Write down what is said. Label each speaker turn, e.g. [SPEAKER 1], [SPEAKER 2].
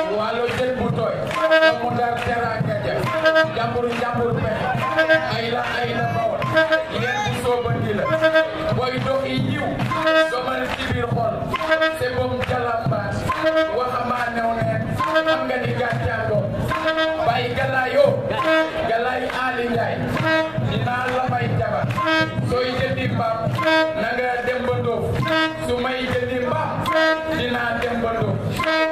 [SPEAKER 1] waalo jën bu tooy mu dar dara gaja jambur jambur pexe ay la ay la bawol yéen bu soobandi la booy i yiw domal ci xol c'est comme jalambaas waxamaa new neen xam nga ni gàccaangoo bàyyi galaayoo galaay Aali Njaay la may jabar sooy jëndi mbaam na dem ba doof su may jëndi mbaam dem ba doof